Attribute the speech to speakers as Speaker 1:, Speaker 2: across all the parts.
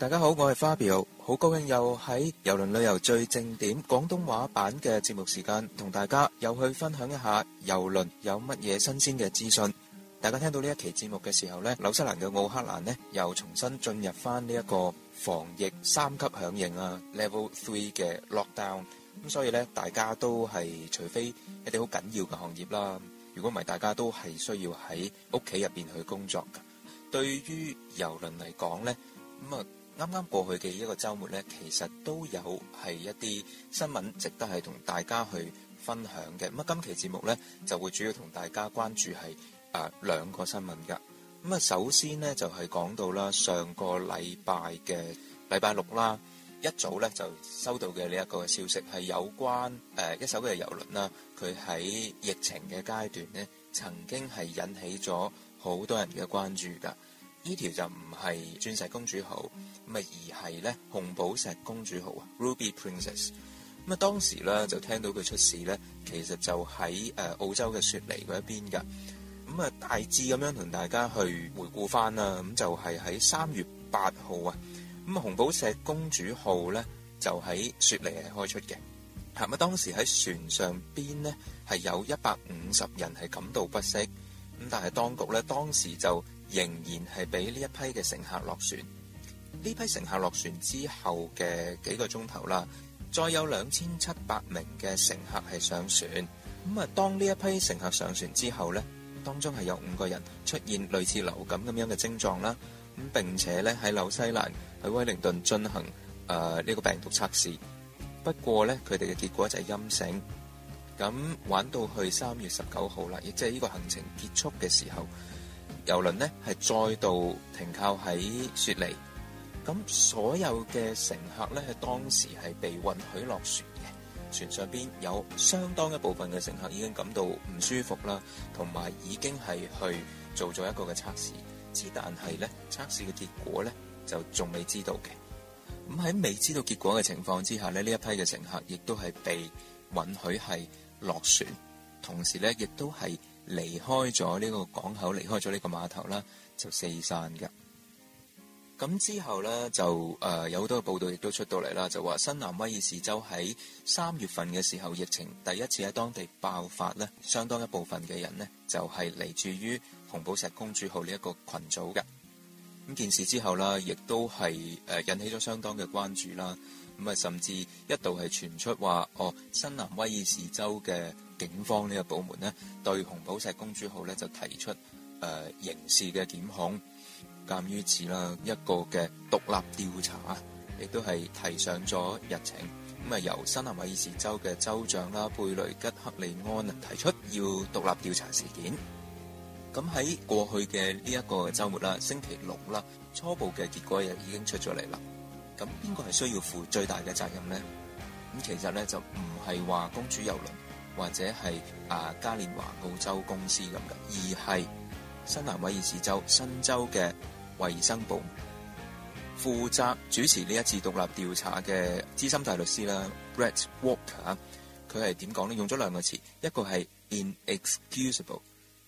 Speaker 1: 大家好，我係 Fabio，好高興又喺遊輪旅遊最正點廣東話版嘅節目時間，同大家又去分享一下郵輪有乜嘢新鮮嘅資訊。大家聽到呢一期節目嘅時候呢，紐西蘭嘅奧克蘭呢又重新進入翻呢一個防疫三級響應啊，Level Three 嘅 lockdown，咁所以呢大家都係除非一啲好緊要嘅行業啦，如果唔係，大家都係需要喺屋企入邊去工作㗎。對於郵輪嚟講呢，咁啊～啱啱過去嘅一個週末呢，其實都有係一啲新聞值得係同大家去分享嘅。咁今期節目呢，就會主要同大家關注係啊兩個新聞㗎。咁啊，首先呢，就係、是、講到啦，上個禮拜嘅禮拜六啦，一早呢就收到嘅呢一個消息係有關、呃、一艘嘅郵輪啦，佢喺疫情嘅階段呢，曾經係引起咗好多人嘅關注㗎。呢條就唔係鑽石公主號，咁啊而係咧紅寶石公主號啊 Ruby Princess。咁啊當時咧就聽到佢出事咧，其實就喺誒澳洲嘅雪梨嗰一邊噶。咁啊大致咁樣同大家去回顧翻啦。咁就係喺三月八號啊。咁紅寶石公主號咧就喺雪梨係開出嘅。吓咁啊當時喺船上邊咧係有一百五十人係感到不適。咁但係當局咧當時就。仍然係俾呢一批嘅乘客落船。呢批乘客落船之後嘅幾個鐘頭啦，再有兩千七百名嘅乘客係上船。咁啊，當呢一批乘客上船之後呢，當中係有五個人出現類似流感咁樣嘅症狀啦。咁並且呢，喺紐西蘭喺威靈頓進行誒呢、呃這個病毒測試，不過呢，佢哋嘅結果就係陰性。咁玩到去三月十九號啦，亦即係呢個行程結束嘅時候。遊輪呢係再度停靠喺雪梨，咁所有嘅乘客呢，係當時係被允許落船嘅，船上邊有相當一部分嘅乘客已經感到唔舒服啦，同埋已經係去做咗一個嘅測試，只但係呢測試嘅結果呢，就仲未知道嘅。咁喺未知道結果嘅情況之下呢，呢一批嘅乘客亦都係被允許係落船，同時呢，亦都係。離開咗呢個港口，離開咗呢個碼頭啦，就四散嘅。咁之後咧，就誒、呃、有好多嘅報道亦都出到嚟啦，就話新南威爾士州喺三月份嘅時候疫情第一次喺當地爆發咧，相當一部分嘅人咧就係嚟自於紅寶石公主號呢一個群組嘅。咁件事之後啦，亦都係誒、呃、引起咗相當嘅關注啦。咁啊，甚至一度係傳出話哦，新南威爾士州嘅。警方呢個部門咧，對紅寶石公主號呢就提出誒、呃、刑事嘅檢控。鑑於此啦，一個嘅獨立調查啊，亦都係提上咗日程。咁啊，由新南威爾士州嘅州長啦貝雷吉克利安提出要獨立調查事件。咁喺過去嘅呢一個週末啦，星期六啦，初步嘅結果又已經出咗嚟啦。咁邊個係需要負最大嘅責任呢？咁其實呢就唔係話公主遊輪。或者係啊，加連華澳洲公司咁嘅，而係新南威爾士州新州嘅衞生部門負責主持呢一次獨立調查嘅資深大律師啦 Brett Walker。佢係點講咧？用咗兩個詞，一個係 inexcusable，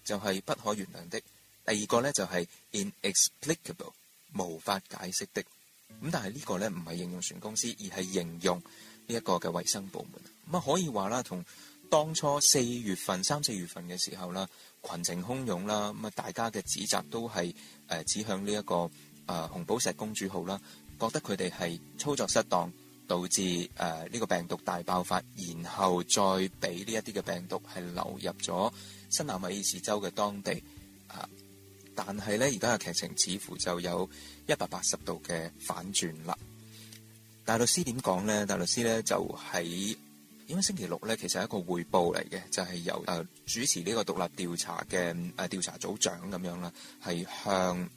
Speaker 1: 就係不可原諒的；第二個咧就係 inexplicable，無法解釋的。咁但係呢個咧唔係應用船公司，而係應用呢一個嘅衞生部門。咁啊，可以話啦，同。當初四月份、三四月份嘅時候啦，群情洶湧啦，咁啊大家嘅指責都係誒指向呢、這、一個啊、呃、紅寶石公主號啦，覺得佢哋係操作失當，導致誒呢、呃這個病毒大爆發，然後再俾呢一啲嘅病毒係流入咗新南米爾士州嘅當地啊、呃。但係呢，而家嘅劇情似乎就有一百八十度嘅反轉啦。大律師點講呢？大律師呢就喺。因為星期六咧，其實係一個匯報嚟嘅，就係、是、由誒主持呢個獨立調查嘅誒、啊、調查組長咁樣啦，係向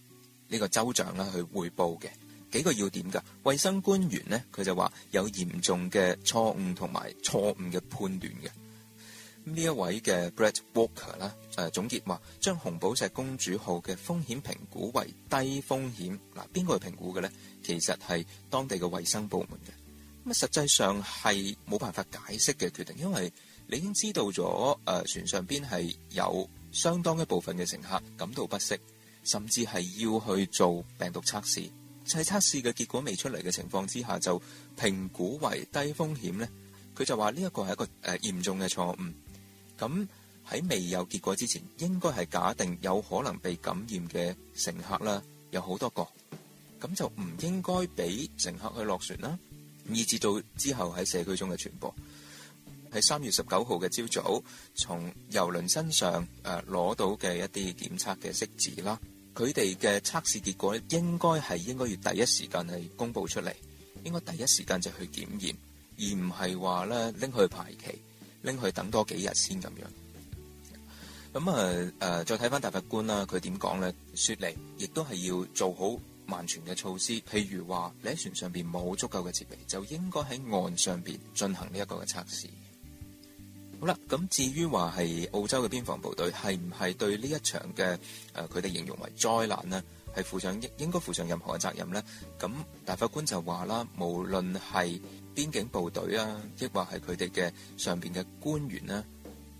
Speaker 1: 呢個州長啦去匯報嘅。幾個要點噶，衛生官員咧，佢就話有嚴重嘅錯誤同埋錯誤嘅判斷嘅。這的呢一位嘅 Brett Walker 咧，誒、呃、總結話，將紅寶石公主號嘅風險評估為低風險。嗱，邊個去評估嘅咧？其實係當地嘅衛生部門嘅。咁，實際上係冇辦法解釋嘅決定，因為你已經知道咗、呃，船上邊係有相當一部分嘅乘客感到不適，甚至係要去做病毒測試，就係、是、測試嘅結果未出嚟嘅情況之下，就評估為低風險咧。佢就話呢一個係一個呃，嚴重嘅錯誤，咁喺未有結果之前，應該係假定有可能被感染嘅乘客啦，有好多個，咁就唔應該俾乘客去落船啦。以至到之後喺社區中嘅傳播，喺三月十九號嘅朝早，從遊輪身上誒攞、呃、到嘅一啲檢測嘅識字啦，佢哋嘅測試結果應該係應該要第一時間係公佈出嚟，應該第一時間就去檢驗，而唔係話咧拎去排期，拎去等多幾日先咁樣。咁啊誒，再睇翻大法官啦，佢點講咧？説嚟亦都係要做好。完全嘅措施，譬如話你喺船上邊冇足夠嘅設備，就應該喺岸上邊進行呢一個嘅測試。好啦，咁至於話係澳洲嘅邊防部隊係唔係對呢一場嘅誒，佢哋形容為災難咧，係負上應應該負上任何嘅責任咧？咁大法官就話啦，無論係邊境部隊啊，亦或係佢哋嘅上邊嘅官員咧，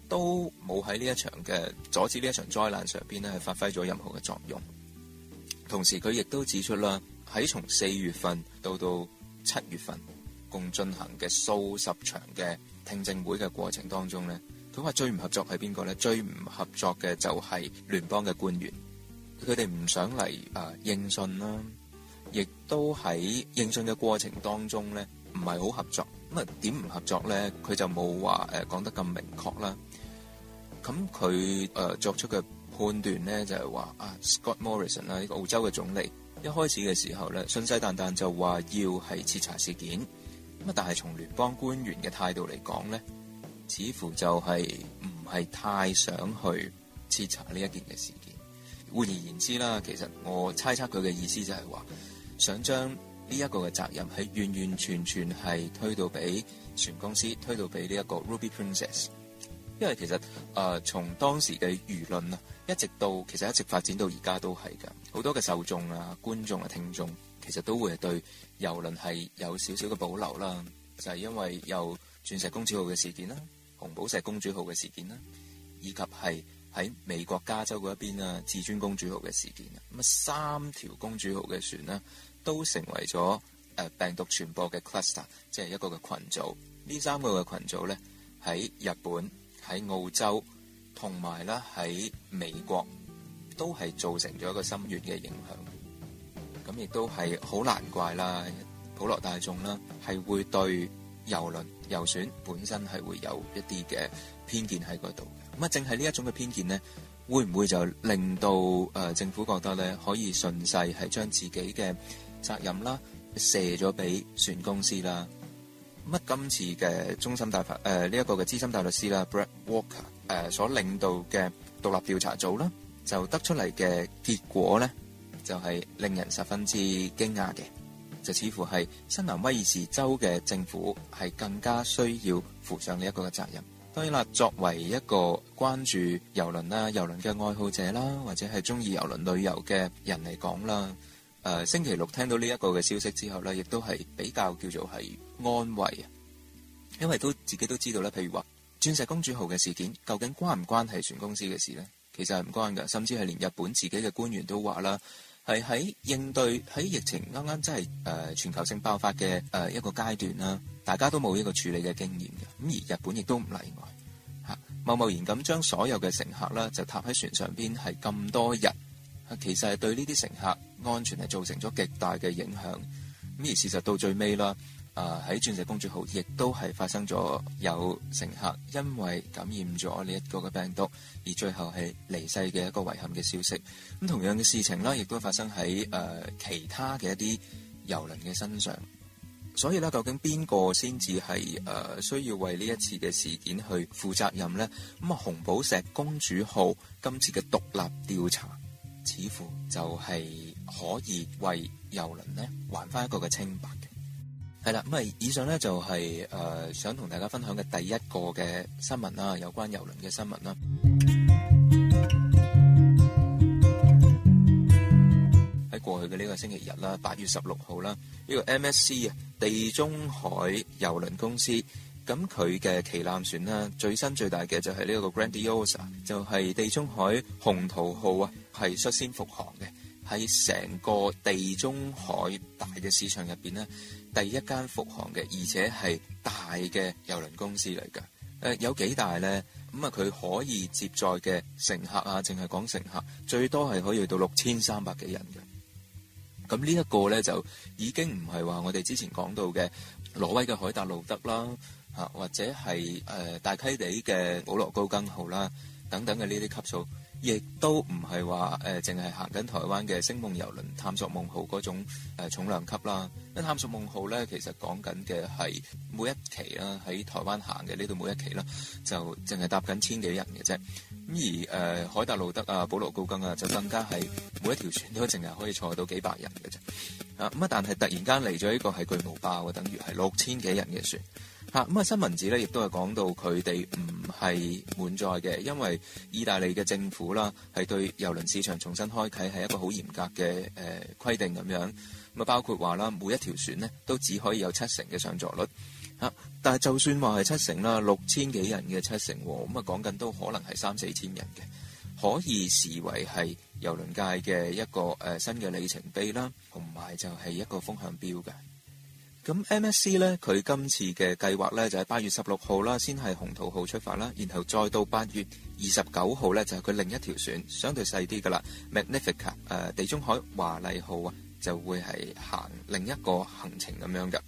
Speaker 1: 都冇喺呢一場嘅阻止呢一場災難上邊咧係發揮咗任何嘅作用。同時，佢亦都指出啦，喺從四月份到到七月份，共進行嘅數十場嘅聽證會嘅過程當中咧，佢話最唔合作係邊個咧？最唔合作嘅就係聯邦嘅官員，佢哋唔想嚟誒、呃、應訊啦，亦都喺應訊嘅過程當中咧，唔係好合作。咁啊點唔合作咧？佢就冇話誒講得咁明確啦。咁佢誒作出嘅判斷咧就係話啊，Scott Morrison 啦，呢個澳洲嘅總理，一開始嘅時候咧，信誓旦旦就話要係徹查事件，咁啊，但係從聯邦官員嘅態度嚟講咧，似乎就係唔係太想去徹查呢一件嘅事件。換而言之啦，其實我猜測佢嘅意思就係話，想將呢一個嘅責任係完完全全係推到俾船公司，推到俾呢一個 Ruby Princess。因為其實誒、呃，從當時嘅輿論啊，一直到其實一直發展到而家都係噶，好多嘅受眾啊、觀眾啊、聽眾，其實都會係對郵輪係有少少嘅保留啦。就係、是、因為有鑽石公主號嘅事件啦、紅寶石公主號嘅事件啦，以及係喺美國加州嗰一邊啊，至尊公主號嘅事件啊，咁啊三條公主號嘅船呢，都成為咗誒病毒傳播嘅 cluster，即係一個嘅群組。呢三個嘅群組呢，喺日本。喺澳洲同埋咧喺美國都係造成咗一個深遠嘅影響，咁亦都係好難怪啦，普羅大眾啦係會對遊輪遊船本身係會有一啲嘅偏見喺嗰度。咁啊，正係呢一種嘅偏見咧，會唔會就令到誒、呃、政府覺得咧可以順勢係將自己嘅責任啦卸咗俾船公司啦？乜今次嘅中心大法，誒呢一個嘅資深大律師啦，Brett Walker 誒、呃、所領導嘅獨立調查組啦，就得出嚟嘅結果咧，就係、是、令人十分之驚訝嘅。就似乎係新南威爾士州嘅政府係更加需要負上呢一個嘅責任。當然啦，作為一個關注遊輪啦、遊輪嘅愛好者啦，或者係中意遊輪旅遊嘅人嚟講啦，誒、呃、星期六聽到呢一個嘅消息之後咧，亦都係比較叫做係。安慰，因為都自己都知道咧。譬如話鑽石公主號嘅事件，究竟關唔關係船公司嘅事咧？其實係唔關嘅，甚至係連日本自己嘅官員都話啦，係喺應對喺疫情啱啱真係誒全球性爆發嘅誒、呃、一個階段啦，大家都冇呢個處理嘅經驗嘅。咁而日本亦都唔例外吓，貿、啊、貿然咁將所有嘅乘客啦就踏喺船上邊，係咁多日，其實係對呢啲乘客安全係造成咗極大嘅影響。咁、啊、而事實到最尾啦。啊啊！喺鑽石公主號，亦都係發生咗有乘客因為感染咗呢一個嘅病毒，而最後係離世嘅一個遺憾嘅消息。咁、嗯、同樣嘅事情咧，亦都發生喺誒、呃、其他嘅一啲遊輪嘅身上。所以咧，究竟邊個先至係誒需要為呢一次嘅事件去負責任呢？咁、嗯、啊，紅寶石公主號今次嘅獨立調查，似乎就係可以為遊輪咧還翻一個嘅清白。係啦，咁啊，以上咧就係、是、誒、呃、想同大家分享嘅第一個嘅新聞啦，有關郵輪嘅新聞啦。喺過去嘅呢個星期日啦，八月十六號啦，呢、這個 MSC 啊地中海郵輪公司，咁佢嘅旗艦船啦最新最大嘅就係呢個 Grandiosa，就係地中海宏圖號啊，係率先復航嘅，喺成個地中海大嘅市場入邊咧。第一間復航嘅，而且係大嘅遊輪公司嚟㗎。誒有幾大呢？咁啊，佢可以接載嘅乘客啊，淨係講乘客，最多係可以到六千三百幾人嘅。咁呢一個呢，就已經唔係話我哋之前講到嘅挪威嘅海達路德啦，嚇或者係誒、呃、大溪地嘅保羅高更號啦，等等嘅呢啲級數。亦都唔係話淨係行緊台灣嘅星夢遊輪探索夢號嗰種重量級啦。探索夢號咧，號其實講緊嘅係每一期啦，喺台灣行嘅呢度每一期啦，就淨係搭緊千幾人嘅啫。咁而海達路德啊、保羅高更啊，就更加係每一條船都淨係可以坐到幾百人嘅啫。啊咁啊，但係突然間嚟咗一個係巨無霸嘅，等於係六千幾人嘅船。嚇咁啊！新聞紙咧，亦都係講到佢哋唔係滿載嘅，因為意大利嘅政府啦，係對遊輪市場重新開啓係一個好嚴格嘅誒規定咁樣。咁啊，包括話啦，每一條船呢，都只可以有七成嘅上座率。嚇！但係就算話係七成啦，六千幾人嘅七成，咁啊講緊都可能係三四千人嘅，可以視為係遊輪界嘅一個誒新嘅里程碑啦，同埋就係一個風向標嘅。咁 M S C 咧，佢今次嘅計劃咧就係八月十六號啦，先係紅桃號出發啦，然後再到八月二十九號咧就係佢另一條船，相對細啲噶啦，Magnifica 誒地中海華麗號啊，就會係行另一個行程咁樣嘅。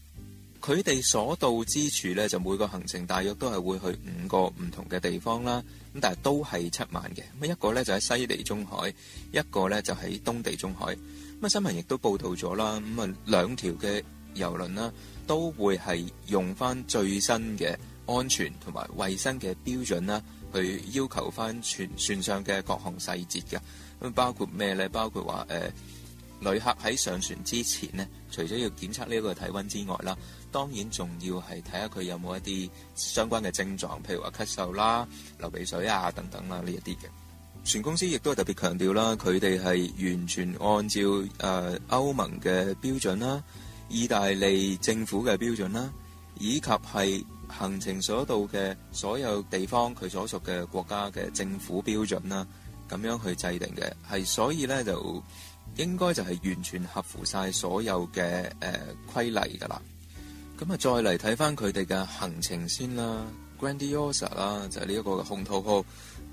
Speaker 1: 佢哋所到之處咧，就每個行程大約都係會去五個唔同嘅地方啦。咁但係都係七萬嘅咁，一個咧就喺西地中海，一個咧就喺東地中海。咁啊，新聞亦都報道咗啦。咁啊，兩條嘅。遊輪啦，都會係用翻最新嘅安全同埋衞生嘅標準啦，去要求翻船船上嘅各項細節嘅咁，包括咩咧？包括話誒、呃、旅客喺上船之前咧，除咗要檢測呢一個體温之外啦，當然仲要係睇下佢有冇一啲相關嘅症狀，譬如話咳嗽啦、流鼻水啊等等啦，呢一啲嘅船公司亦都係特別強調啦，佢哋係完全按照誒、呃、歐盟嘅標準啦。意大利政府嘅標準啦，以及係行程所到嘅所有地方，佢所屬嘅國家嘅政府標準啦，咁樣去制定嘅，係所以咧，就應該就係完全合乎晒所有嘅誒規例㗎啦。咁啊，再嚟睇翻佢哋嘅行程先啦，Grandiosa Grandiosa 啦，就係呢一個嘅紅土號。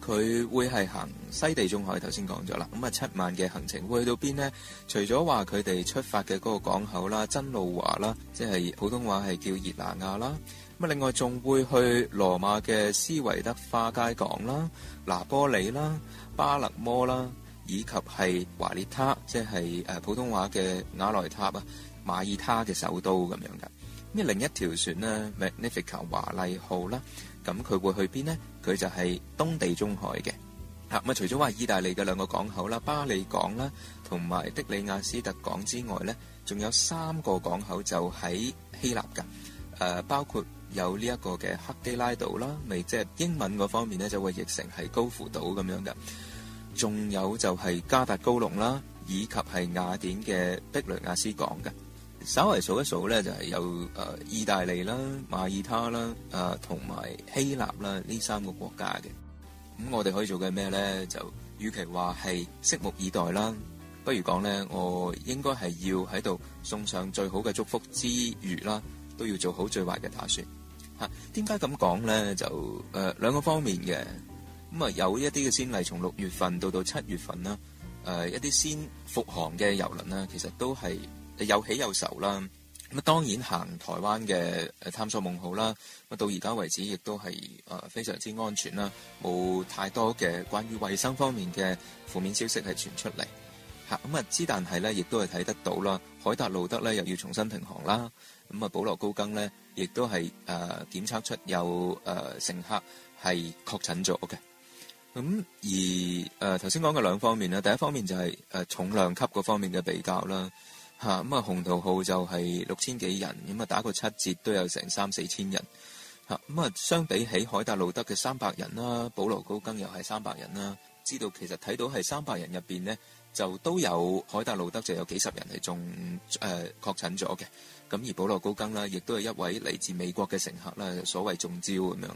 Speaker 1: 佢會係行西地中海，頭先講咗啦。咁啊，七萬嘅行程會去到邊咧？除咗話佢哋出發嘅嗰個港口啦，真路華啦，即係普通話係叫熱那亞啦。咁啊，另外仲會去羅馬嘅斯維德化街港啦、拿波里啦、巴勒摩啦，以及係華列塔，即係普通話嘅瓦萊塔啊，馬耳他嘅首都咁樣噶。咩另一條船咧，Magnifica 華麗號啦，咁佢會去邊咧？佢就係東地中海嘅嚇。咁啊，除咗話意大利嘅兩個港口啦，巴里港啦，同埋的里亞斯特港之外咧，仲有三個港口就喺希臘嘅，誒包括有呢一個嘅克基拉島啦，咪即係英文嗰方面咧就會譯成係高孚島咁樣嘅，仲有就係加達高隆啦，以及係雅典嘅碧雷亞斯港嘅。稍為數一數咧，就係有誒意大利啦、馬耳他啦、誒同埋希臘啦，呢三個國家嘅。咁我哋可以做嘅咩咧？就與其話係拭目以待啦，不如講咧，我應該係要喺度送上最好嘅祝福之餘啦，都要做好最壞嘅打算。吓，點解咁講咧？就誒兩個方面嘅。咁啊，有一啲嘅先例，從六月份到到七月份啦，誒一啲先復航嘅遊輪啦，其實都係。有喜有愁啦。咁啊，當然行台灣嘅探索夢號啦。咁到而家為止，亦都係誒非常之安全啦，冇太多嘅關於衛生方面嘅負面消息係傳出嚟吓。咁啊，之但係咧，亦都係睇得到啦。海達路德咧又要重新停航啦。咁啊，保羅高更咧亦都係誒檢測出有誒乘客係確診咗嘅。咁而誒頭先講嘅兩方面咧，第一方面就係誒重量級嗰方面嘅比較啦。嚇咁啊！紅桃、嗯、號就係六千幾人，咁啊打個七折都有成三四千人。咁、嗯、啊，相比起海達路德嘅三百人啦，保羅高更又係三百人啦。知道其實睇到係三百人入面呢，就都有海達路德就有幾十人係中誒確診咗嘅。咁、嗯、而保羅高更啦，亦都係一位嚟自美國嘅乘客啦，所謂中招咁樣、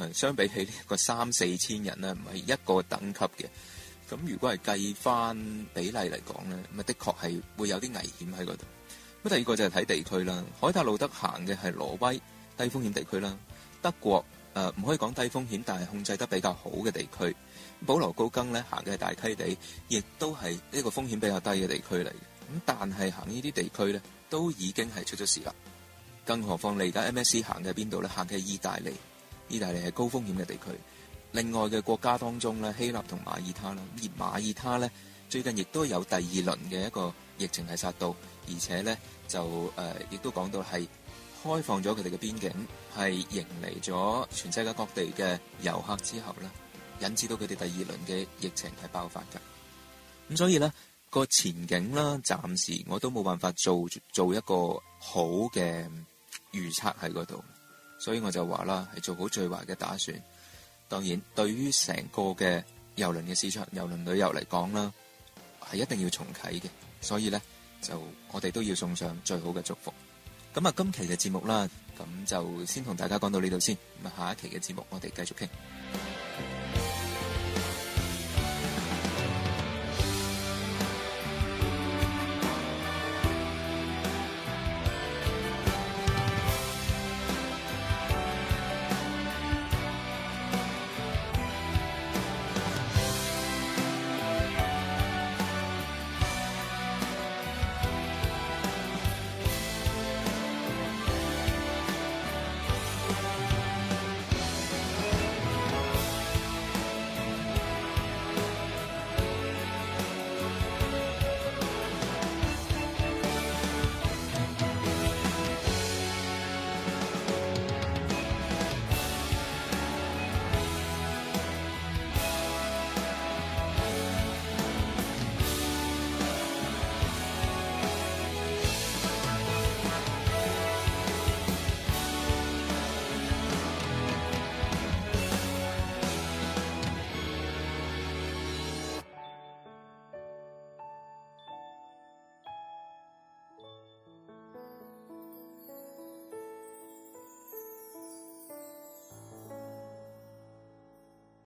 Speaker 1: 嗯。相比起呢個三四千人咧，唔係一個等級嘅。咁如果係計翻比例嚟講咧，咪的確係會有啲危險喺嗰度。咁第二個就係睇地區啦，海達路德行嘅係挪威低風險地區啦，德國誒唔可以講低風險，但係控制得比較好嘅地區。保羅高更咧行嘅係大溪地，亦都係一個風險比較低嘅地區嚟。咁但係行呢啲地區咧，都已經係出咗事啦。更何況你而家 MSC 行嘅邊度咧？行嘅係意大利，意大利係高風險嘅地區。另外嘅國家當中咧，希臘同馬爾他啦，而馬爾他咧最近亦都有第二輪嘅一個疫情係殺到，而且咧就誒亦、呃、都講到係開放咗佢哋嘅邊境，係迎嚟咗全世界各地嘅遊客之後咧，引致到佢哋第二輪嘅疫情係爆發㗎。咁、嗯、所以咧、那個前景啦，暫時我都冇辦法做做一個好嘅預測喺嗰度，所以我就話啦，係做好最壞嘅打算。當然，對於成個嘅遊輪嘅市場、遊輪旅遊嚟講啦，係一定要重啟嘅，所以咧就我哋都要送上最好嘅祝福。咁啊，今期嘅節目啦，咁就先同大家講到呢度先。咁啊，下一期嘅節目我哋繼續傾。